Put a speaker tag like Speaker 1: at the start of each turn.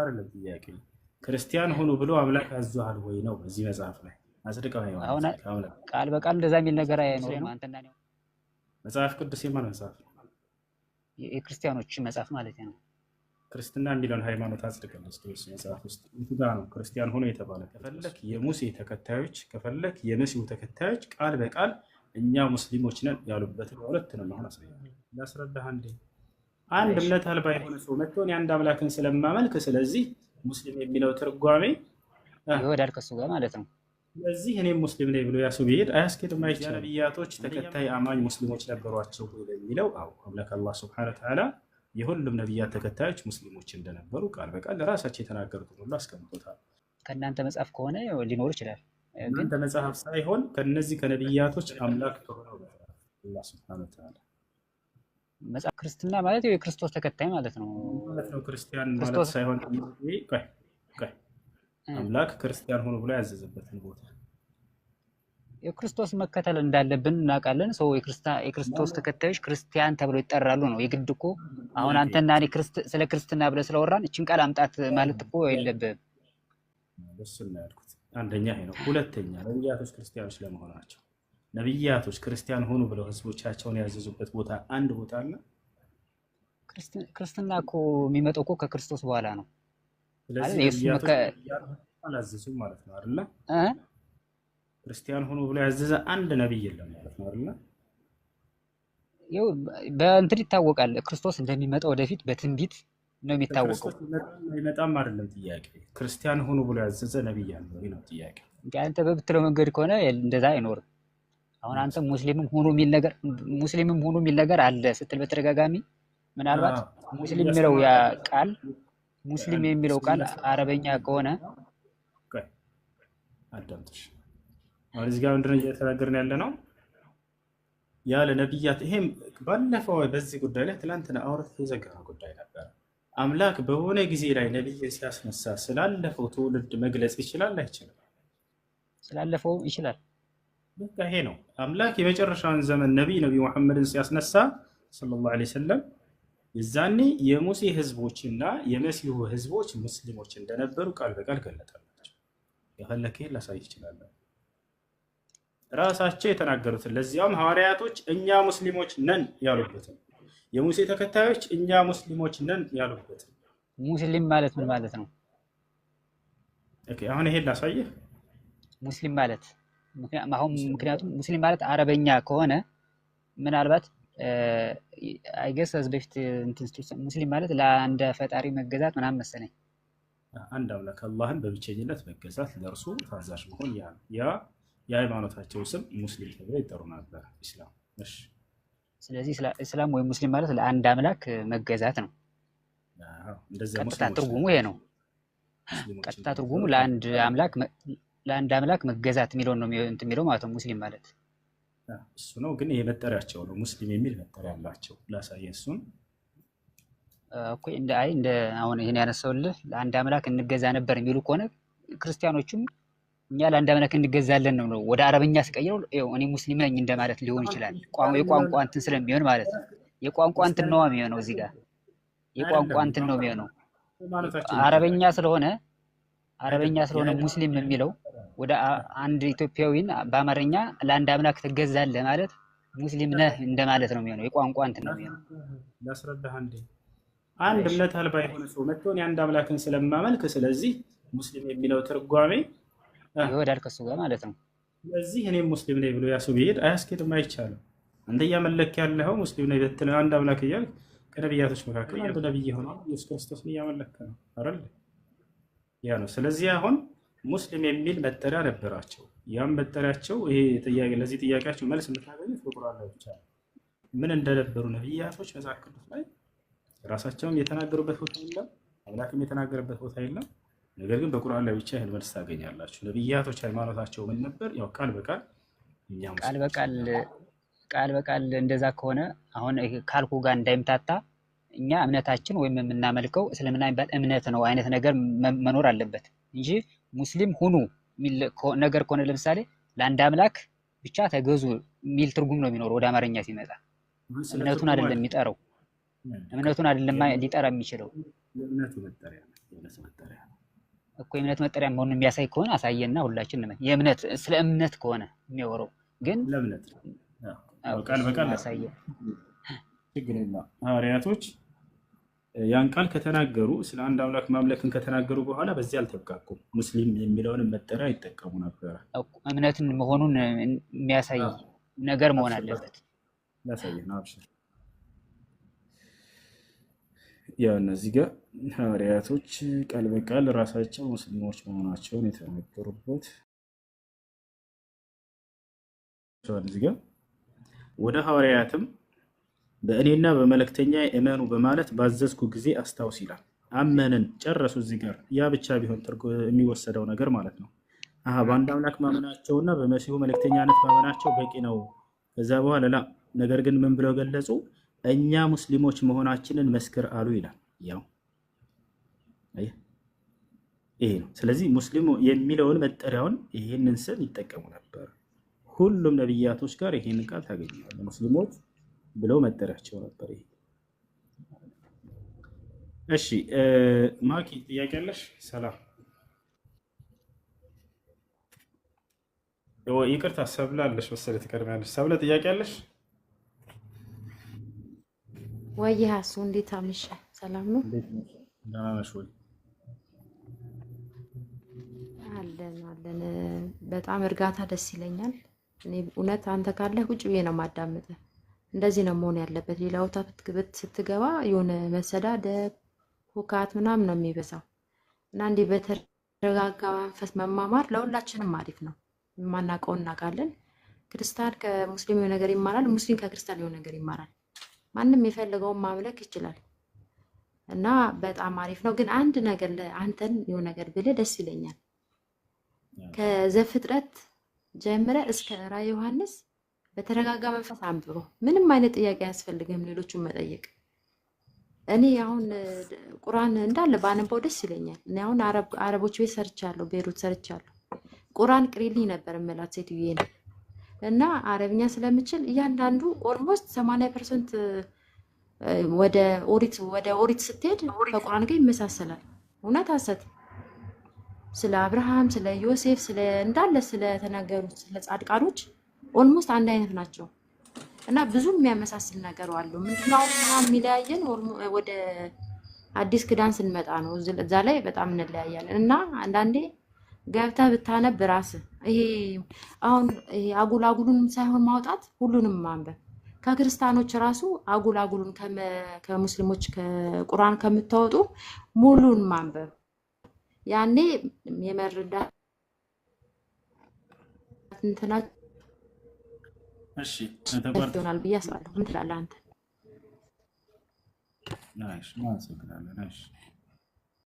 Speaker 1: አይደለም ጥያቄ ክርስቲያን ሆኑ ብሎ አምላክ አዞሃል ወይ ነው። በዚህ መጽሐፍ ላይ
Speaker 2: አጽድቀው ቃል በቃል እንደዛ የሚል ነገር አይኖርም።
Speaker 1: መጽሐፍ ቅዱስ የማን መጽሐፍ ነው?
Speaker 2: የክርስቲያኖች መጽሐፍ ማለት ነው።
Speaker 1: ክርስትና የሚለውን ሃይማኖት አጽድቀን ስቶስ መጽሐፍ ውስጥ ጋ ነው ክርስቲያን ሆኖ የተባለ። ከፈለክ የሙሴ ተከታዮች ከፈለክ የመሲሁ ተከታዮች ቃል በቃል እኛ ሙስሊሞች ነን ያሉበትን ሁለት ነው አሁን አስረዳህ እንዴ አንድ እምነት አልባ የሆነ ሰው መጥቶን የአንድ አምላክን ስለማመልክ ስለዚህ ሙስሊም የሚለው ትርጓሜ
Speaker 2: ይወዳል ከሱ ጋር ማለት ነው።
Speaker 1: ስለዚህ እኔም ሙስሊም ነኝ ብሎ ያሱ ብሄድ አያስኬድም፣ አይቻልም። ነቢያቶች ተከታይ አማኝ ሙስሊሞች ነበሯቸው የሚለው አው አምላክ አላህ ስብሐነ ወተዓላ የሁሉም ነቢያት ተከታዮች ሙስሊሞች እንደነበሩ ቃል በቃል ለራሳቸው የተናገሩት ሁሉ አስቀምጦታል።
Speaker 2: ከእናንተ መጽሐፍ ከሆነ ሊኖር ይችላል፣
Speaker 1: እናንተ መጽሐፍ ሳይሆን ከነዚህ ከነቢያቶች አምላክ ከሆነው አላህ ስብሐነ ወተዓላ
Speaker 2: መጽሐፍ ክርስትና ማለት የክርስቶስ ተከታይ ማለት ነው
Speaker 1: ማለት ነው። ክርስቲያን ማለት ሳይሆን አምላክ ክርስቲያን ሆኖ ብሎ ያዘዘበትን ቦታ
Speaker 2: የክርስቶስ መከተል እንዳለብን እናውቃለን። ሰው የክርስቶስ ተከታዮች ክርስቲያን ተብለው ይጠራሉ ነው። የግድ እኮ አሁን አንተና ስለ ክርስትና ብለህ ስለወራን እችን ቃል አምጣት ማለት እኮ የለብህም።
Speaker 1: እሱን ነው ያልኩት። አንደኛ ነው። ሁለተኛ ነብያቶች ክርስቲያኖች ለመሆናቸው ነቢያቶች ክርስቲያን ሆኑ ብለው ህዝቦቻቸውን ያዘዙበት ቦታ አንድ ቦታ አለ።
Speaker 2: ክርስትና እኮ የሚመጣው እኮ ከክርስቶስ በኋላ ነው።
Speaker 1: አላዘዙም ማለት ነው አይደለ? ክርስቲያን ሆኖ ብሎ ያዘዘ አንድ ነቢይ የለም ማለት ነው አይደለ?
Speaker 2: ይኸው በእንትን ይታወቃል። ክርስቶስ እንደሚመጣ ወደፊት በትንቢት ነው የሚታወቀው።
Speaker 1: አይመጣም አይደለም ጥያቄ። ክርስቲያን ሆኖ ብሎ ያዘዘ ነቢይ ያለ ነው
Speaker 2: ጥያቄ። አንተ በብትለው መንገድ ከሆነ እንደዛ አይኖርም። አሁን አንተ ሙስሊምም ሆኖ የሚል ነገር ሙስሊምም ሆኖ የሚል ነገር አለ ስትል በተደጋጋሚ ምናልባት ሙስሊም የሚለው ያ ቃል ሙስሊም የሚለው ቃል አረበኛ ከሆነ
Speaker 1: አዳምጥሽ አሁን እዚህ ጋር ምንድን ነው እየተናገርን ያለ ነው ያለ ነቢያት። ይሄም ባለፈው በዚህ ጉዳይ ላይ ትላንትና አውረት የዘጋ ጉዳይ ነበር። አምላክ በሆነ ጊዜ ላይ ነቢይ ሲያስነሳ ስላለፈው ትውልድ መግለጽ ይችላል አይችልም?
Speaker 2: ስላለፈው ይችላል
Speaker 1: በቃ ይሄ ነው አምላክ የመጨረሻውን ዘመን ነቢይ ነቢ መሐመድን ሲያስነሳ ሰለላሁ ዐለይሂ ወሰለም የዛኔ የሙሴ ህዝቦችና የመሲሁ ህዝቦች ሙስሊሞች እንደነበሩ ቃል በቃል ገለጠላቸው። የፈለከ ላሳይ ይችላል። ራሳቸው የተናገሩትን ለዚያውም ሐዋርያቶች እኛ ሙስሊሞች ነን ያሉበትን የሙሴ ተከታዮች እኛ ሙስሊሞች ነን ያሉበትን
Speaker 2: ሙስሊም ማለት ምን ማለት ነው?
Speaker 1: ኦኬ አሁን ይሄን ላሳይህ።
Speaker 2: ሙስሊም ማለት አሁን ምክንያቱም ሙስሊም ማለት አረበኛ ከሆነ ምናልባት አይገስ ከዚህ በፊት ሙስሊም ማለት ለአንድ ፈጣሪ መገዛት ምናምን መሰለኝ።
Speaker 1: አንድ አምላክ አላህን በብቸኝነት መገዛት፣ ለእርሱ ታዛዥ መሆን፣ ያ ያ የሃይማኖታቸው ስም ሙስሊም ተብሎ ይጠሩ ነበር ኢስላም።
Speaker 2: እሺ፣ ስለዚህ እስላም ወይም ሙስሊም ማለት ለአንድ አምላክ መገዛት ነው። ቀጥታ ትርጉሙ ይሄ ነው። ቀጥታ ትርጉሙ ለአንድ አምላክ ለአንድ አምላክ መገዛት የሚለውን ነው የሚለው ማለት ነው ሙስሊም ማለት
Speaker 1: እሱ ነው። ግን የመጠሪያቸው ነው ሙስሊም የሚል መጠሪያ አላቸው። ላሳየ እሱን
Speaker 2: እንደ አይ እንደ አሁን ይህን ያነሳውልህ ለአንድ አምላክ እንገዛ ነበር የሚሉ ከሆነ ክርስቲያኖቹም እኛ ለአንድ አምላክ እንገዛለን ነው ነው ወደ አረብኛ ስቀይረው እኔ ሙስሊም ነኝ እንደማለት ሊሆን ይችላል። የቋንቋ እንትን ስለሚሆን ማለት ነው። የቋንቋ እንትን ነው የሚሆነው እዚህ ጋር የቋንቋ እንትን ነው የሚሆነው አረበኛ ስለሆነ አረበኛ ስለሆነ ሙስሊም የሚለው ወደ አንድ ኢትዮጵያዊን በአማርኛ ለአንድ አምላክ ትገዛለህ ማለት ሙስሊም ነህ እንደማለት ነው የሚሆነው። የቋንቋ እንትን ነው የሚሆነው።
Speaker 1: ላስረዳህ እንዴ አንድ እምነት አልባ የሆነ ሰው መጥቶ የአንድ አምላክን ስለማመልክ ስለዚህ ሙስሊም የሚለው ትርጓሜ
Speaker 2: ይወዳል ከሱ ጋር ማለት ነው።
Speaker 1: ስለዚህ እኔም ሙስሊም ነኝ ብሎ ያሱ ቢሄድ አያስኬድም፣ አይቻልም። አንተ እያመለክ ያለኸው ሙስሊም ነኝ ብትል አንድ አምላክ እያልክ ከነቢያቶች መካከል አንዱ ነቢይ የሆነው ኢየሱስ ክርስቶስን እያመለክ ነው አይደል? ያ ነው። ስለዚህ አሁን ሙስሊም የሚል መጠሪያ ነበራቸው። ያም መጠሪያቸው ይሄ ለዚህ ጥያቄያቸው መልስ የምታገኙት በቁርአን ላይ ብቻ ነው። ምን እንደነበሩ ነብያቶች መጽሐፍ ቅዱስ ላይ ራሳቸውም የተናገሩበት ቦታ የለም፣ አምላክም የተናገረበት ቦታ የለም። ነገር ግን በቁርአን ላይ ብቻ ይህን መልስ ታገኛላችሁ። ነብያቶች ሃይማኖታቸው ምን ነበር? ያው ቃል በቃል
Speaker 2: ቃል በቃል ቃል በቃል እንደዛ ከሆነ አሁን ካልኩ ጋር እንዳይምታታ እኛ እምነታችን ወይም የምናመልከው እስልምና የሚባል እምነት ነው አይነት ነገር መኖር አለበት እንጂ ሙስሊም ሁኑ ነገር ከሆነ ለምሳሌ ለአንድ አምላክ ብቻ ተገዙ የሚል ትርጉም ነው የሚኖረው ወደ አማርኛ ሲመጣ። እምነቱን አይደለም የሚጠራው፣ እምነቱን አይደለም ሊጠራ የሚችለው እኮ የእምነት መጠሪያ መሆኑን የሚያሳይ ከሆነ አሳየና ሁላችን ነው የእምነት ስለ እምነት ከሆነ የሚያወረው ግን
Speaker 1: ቃል በቃል ያሳየ ችግር የለም ሐዋርያቶች ያን ቃል ከተናገሩ ስለ አንድ አምላክ ማምለክን ከተናገሩ በኋላ በዚህ አልተብቃቁም። ሙስሊም የሚለውን መጠሪያ ይጠቀሙ
Speaker 2: ነበረ። እምነትን መሆኑን የሚያሳይ ነገር መሆን አለበት።
Speaker 1: ያው እነዚህ ጋር ሐዋርያቶች ቃል በቃል ራሳቸው ሙስሊሞች መሆናቸውን የተናገሩበት እዚህ ጋር ወደ ሐዋርያትም በእኔና በመልእክተኛ እመኑ በማለት ባዘዝኩ ጊዜ አስታውስ ይላል። አመንን ጨረሱ። እዚህ ጋር ያ ብቻ ቢሆን የሚወሰደው ነገር ማለት ነው። በአንድ አምላክ ማመናቸውና በመሲሁ መልእክተኛነት ማመናቸው በቂ ነው። ከዛ በኋላ ላ ነገር ግን ምን ብለው ገለጹ? እኛ ሙስሊሞች መሆናችንን መስክር አሉ ይላል። ያው ይሄ ነው። ስለዚህ ሙስሊም የሚለውን መጠሪያውን ይህንን ስም ይጠቀሙ ነበር። ሁሉም ነቢያቶች ጋር ይህንን ቃል ታገኘዋል። ሙስሊሞች ብለው መጠሪያቸው ነበር። ይሄ እሺ። ማኪ ጥያቄ አለሽ? ሰላም ይቅርታ፣ ሰብለ አለሽ መሰለኝ ትቀድሚያለሽ። ሰብለ ጥያቄ አለሽ?
Speaker 3: ወይ ሀሱ እንዴት አመሸ? ሰላም ነው?
Speaker 1: ደህና ነሽ ወይ?
Speaker 3: አለን አለን። በጣም እርጋታ ደስ ይለኛል። እኔ እውነት አንተ ካለህ ውጭ ብዬ ነው የማዳምጥህ እንደዚህ ነው መሆን ያለበት። ሌላ ቦታ ስትገባ የሆነ መሰዳደብ፣ ሁካት ምናምን ነው የሚበዛው እና እንዲህ በተረጋጋ መንፈስ መማማር ለሁላችንም አሪፍ ነው። የማናውቀው እናውቃለን። ክርስቲያን ከሙስሊም የሆነ ነገር ይማራል፣ ሙስሊም ከክርስቲያን የሆነ ነገር ይማራል። ማንም የፈለገውን ማምለክ ይችላል እና በጣም አሪፍ ነው። ግን አንድ ነገር አንተን የሆነ ነገር ብልህ ደስ ይለኛል ከዘፍጥረት ጀምረ እስከ ራ ዮሐንስ በተረጋጋ መንፈስ አንብሮ ምንም አይነት ጥያቄ አያስፈልግም ሌሎቹን መጠየቅ። እኔ አሁን ቁርአን እንዳለ ባንባው ደስ ይለኛል። እኔ አሁን አረቦች ቤት ሰርቻለሁ፣ ቤሩት ሰርቻለሁ። ቁርአን ቅሪልኝ ነበር እምላት ሴትዬ ነው እና አረብኛ ስለምችል እያንዳንዱ ኦልሞስት ሰማንያ ፐርሰንት ወደ ኦሪት ወደ ኦሪት ስትሄድ ከቁርአን ጋር ይመሳሰላል። እውነት ሐሰት ስለ አብርሃም ስለ ዮሴፍ ስለ እንዳለ ስለተናገሩት ስለ ጻድቃኖች ኦልሞስት አንድ አይነት ናቸው እና ብዙ የሚያመሳስል ነገር አለው። ምንድነው የሚለያየን? ወደ አዲስ ክዳን ስንመጣ ነው። እዛ ላይ በጣም እንለያያለን እና አንዳንዴ ገብተህ ብታነብ ራስ ይሄ አሁን አጉል አጉሉን ሳይሆን ማውጣት ሁሉንም ማንበብ ከክርስቲያኖች ራሱ አጉል አጉሉን ከሙስሊሞች ከቁርአን ከምታወጡ ሙሉን ማንበብ ያኔ የመረዳት እንትናት ሆናል ብዬ አስባለሁ። ምን ትላለህ አንተ?